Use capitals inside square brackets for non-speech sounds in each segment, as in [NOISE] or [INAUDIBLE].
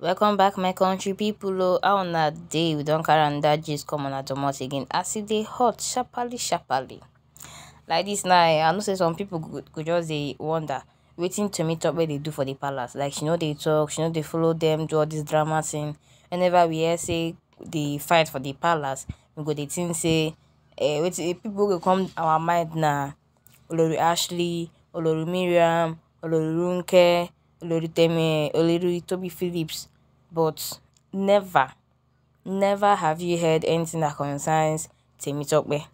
welcome back my country people. o oh, on una day we don't carry on that just come on una domot again I see they hot sharparly sharparly like this now i know say some pipo could just they wonder waiting to meet up where they do for the palace like she know they talk, she know they follow them, do all this drama thing whenever we hear say dey fight for the palace we go dey think say eh, pipo eh, people go come our mind now? olori ashley olori miriam olori runke Olorutemi Toby Phillips, but never, never have you heard anything that concerns me.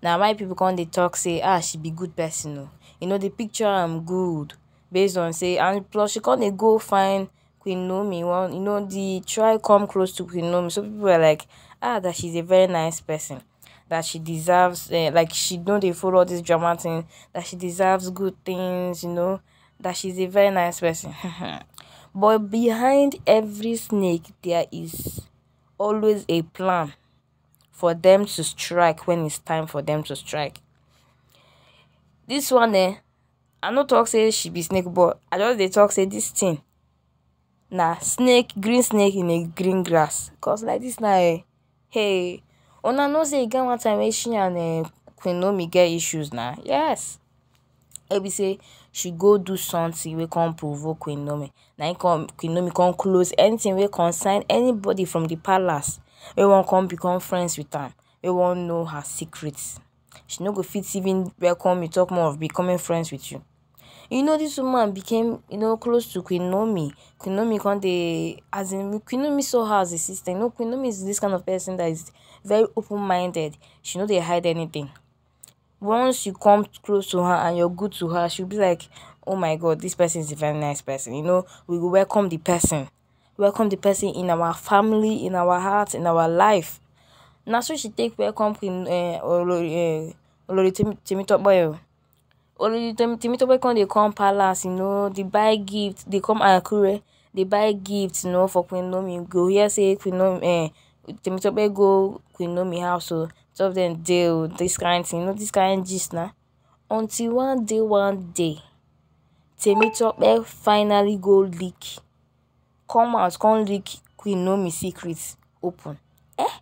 Now, why people come they talk say, ah, she be good person. Oh. You know, the picture I'm good based on say, and plus she can't go find Queen Nomi. Well, you know, the try come close to Queen Nomi. So people are like, ah, that she's a very nice person that she deserves uh, like she don't they follow this drama thing that she deserves good things you know that she's a very nice person. [LAUGHS] but behind every snake, there is always a plan for them to strike when it's time for them to strike. This one, eh, I no talk say she be snake, but I just they talk say this thing. Nah, snake, green snake in a green grass. Cause like this now, eh, hey, una know say again one time eh, she and eh, Queen me get issues now. Nah. Yes. Ebi say she go do something wey come provoke queen Nomi. na im come queen Nomi come close anything wey concern anybody from the palace wey wan come become friends with am wey wan know her secrets she no go fit even welcome you talk more of becoming friends with you you know this woman became you know close to queen Nomi. queen Nomi come dey as in queen Nomi saw her as a sister you know queen Nomi is this kind of person that is very open minded she no dey hide anything once you come close to her and you're good to her, she'll be like, Oh my god, this person is a very nice person. You know, we will welcome the person. Welcome the person in our family, in our heart, in our life. Now, so she take welcome Queen eh, Olori eh, Temitope. Oh. Olori Temitope come they come palace, you know, they buy gifts. They come Akure, They buy gifts. you know, for Queen Naomi. Go here say Queen Naomi, eh, Temitope go Queen Naomi house o. Oh some of dem dey this kind thing you know this kind gist na until one day one day Temitope finally go leak come out come leak Queen Naomi secrets?" open eh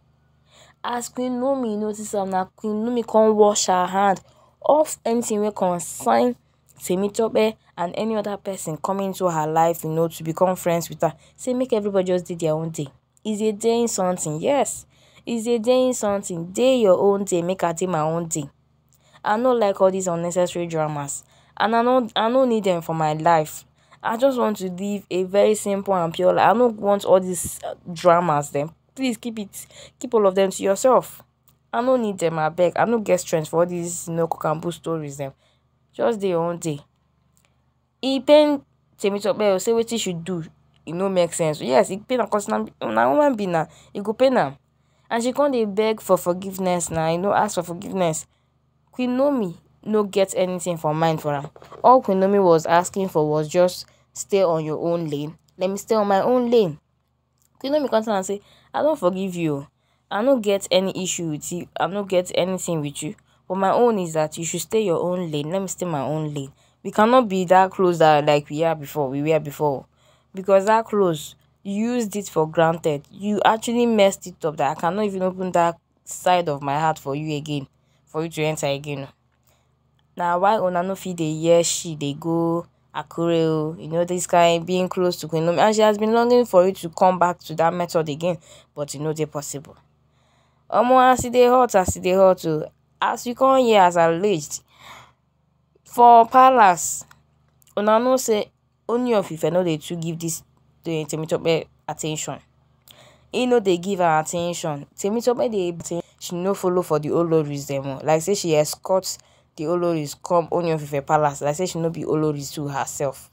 as Queen Naomi notice am na Queen Naomi come wash her hand off anything we wey concern Temitope and any other person coming into her life you know to become friends with her say make everybody just do their own thing is it doing something yes is a deying something dey your own dey make i dey my own dey i no like all these unnecessary dramas and i no i no need them for my life i just want to live a very simple and pure life i no want all these uh, dramas them please keep it keep all of them to yourself i no need them abeg i no get strength for all these you know cook and boo stories them just dey your own dey e pain temitope o say wetin she do e no make sense yes e pain am cause na na woman be na e go pain am and she can't beg for forgiveness Now you know, ask for forgiveness queen naomi no get anything for mind for her. all queen naomi was asking for was just stay on your own lane let me stay on my own lane queen naomi con tell am say i don't forgive you i no get any issue with you i no get anything with you but my own is that you should stay your own lane let me stay my own lane we cannot be that close like we are before we were before because that close used it for granted. You actually messed it up that I cannot even open that side of my heart for you again, for you to enter again. Now why onano no fit dey she they go Akure oh? you know this kind being close to Queen and she has been longing for you to come back to that method again, but you know, they're possible. Omo I see dey hot as see dey hot too. Oh. as you come here as alleged for palace, onano say only of I know they to give this. temitope at ten tion e no dey give her at ten tion temitope dey she no follow for the old dem o like say she escorts the old oloris come only of her palace like say she no be old oloris to herself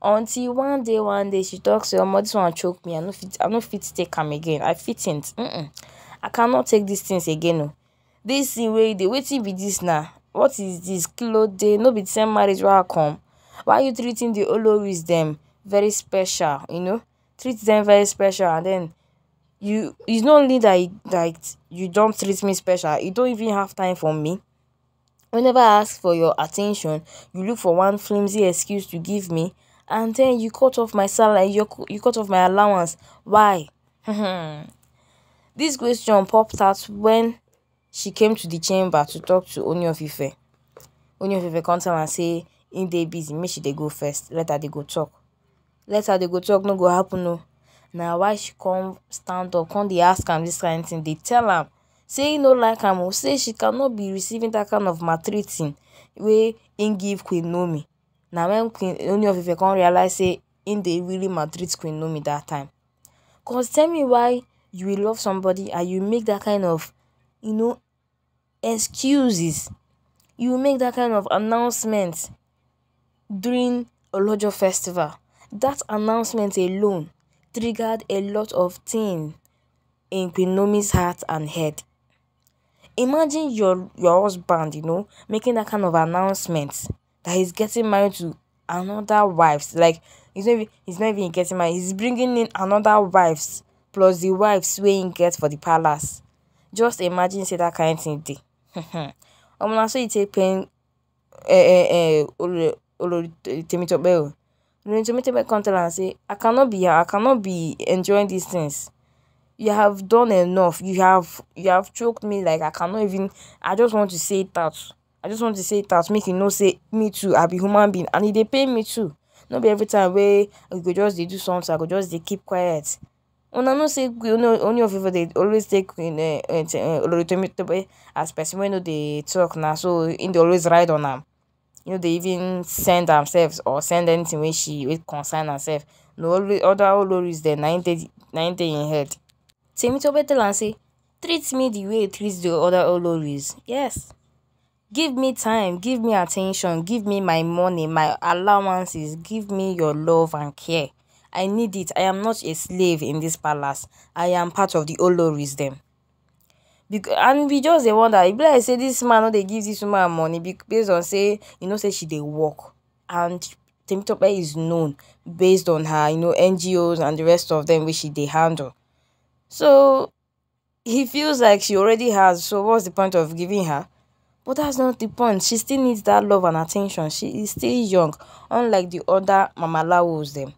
until one day one day she talks to her mother, dis one choke me i no fit fit to take am again i fit fitnt mm i cannot take these things again o this tin wey you dey wetin be dis na what is this? Clothes dey no be the same marriage wey i come why you treating the old oloris them? very special, you know, treat them very special, and then you it's not only that like you don't treat me special, you don't even have time for me. Whenever I ask for your attention, you look for one flimsy excuse to give me, and then you cut off my salary, you, you cut off my allowance. Why? [LAUGHS] this question popped out when she came to the chamber to talk to Oni of Ife. Oni of comes and say, in they busy, make sure they go first. Let her they go talk. let her dey go talk no go happen oo. na why she come stand up come dey ask am this kind thing dey tell am say e no like am o say she cannot be receiving that kind of maltreating wey im give queen Nomi? na when queen naomi of ife come realize say im dey really maltreat queen Nomi that time cause tell me why you will love somebody and you make that kind of you know excuses you make that kind of announcement during olojo festival That announcement alone triggered a lot of things in Queen heart and head. Imagine your, your husband, you know, making that kind of announcement that he's getting married to another wives. Like, he's not, even, he's not even getting married. He's bringing in another wives plus the wives wey he get for the palace. Just imagine say that kind of thing I'm [LAUGHS] na so e take pain eh, eh, eh, Olori Temitope o. Njomitebe counted and say I cannot be here, I cannot be enjoying these things. You have done enough. You have you have choked me like I cannot even I just want to say that. I just want to say that make you know say me too. I be human being and they pay me too. not be every time where I go just they do something, I go just they keep quiet. I no say only of people they always take be eh, eh, eh, as person when they talk now. so in they always ride on them you know they even send themselves or send anything wey she wey concern herself No other oloris dem there. im in head. im dey better and say treat me the way you treat the other oloris yes give me time give me attention, give me my money my allowances give me your love and care i need it i am not a slave in this palace i am part of the oloris wisdom because and we just dey wonder If like I say this man no they give this woman money based on say you know say she they work and temitope is known based on her you know ngos and the rest of them which she they handle so he feels like she already has so what's the point of giving her but that's not the point she still needs that love and attention she is still young unlike the other mamalawos them.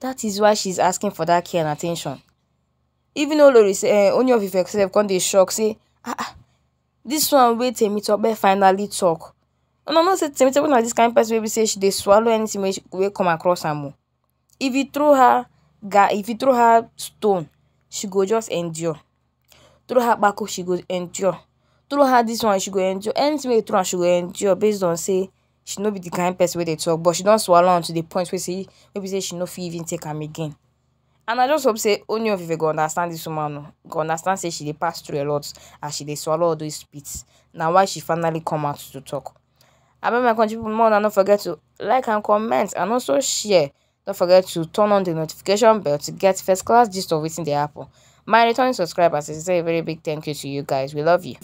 that is why she's asking for that care and attention even oloris uh, eh, only of ife sef come they shock say ah ah dis one wey temitope finally talk una know say temitope this kind of person Maybe say she dey swallow anything wey, wey come across am o if you throw her ga if you throw her stone she go just endure throw her kpako she go endure throw her this one she go endure anything wey you throw her, she go endure based on say she no be the kind of person wey they talk but she don't swallow until the point where say maybe say she no fit even take him again and i just hope say only of ife go understand this woman go understand say she dey pass through a lot as she dey swallow all those spits na why she finally come out to tok abeg my country pipo more na no forget to like and comment and also share don't forget to turn on the notification bell to get first class gist of wetin dey happen my returning subscribers i say a very big thank you to you guys we love you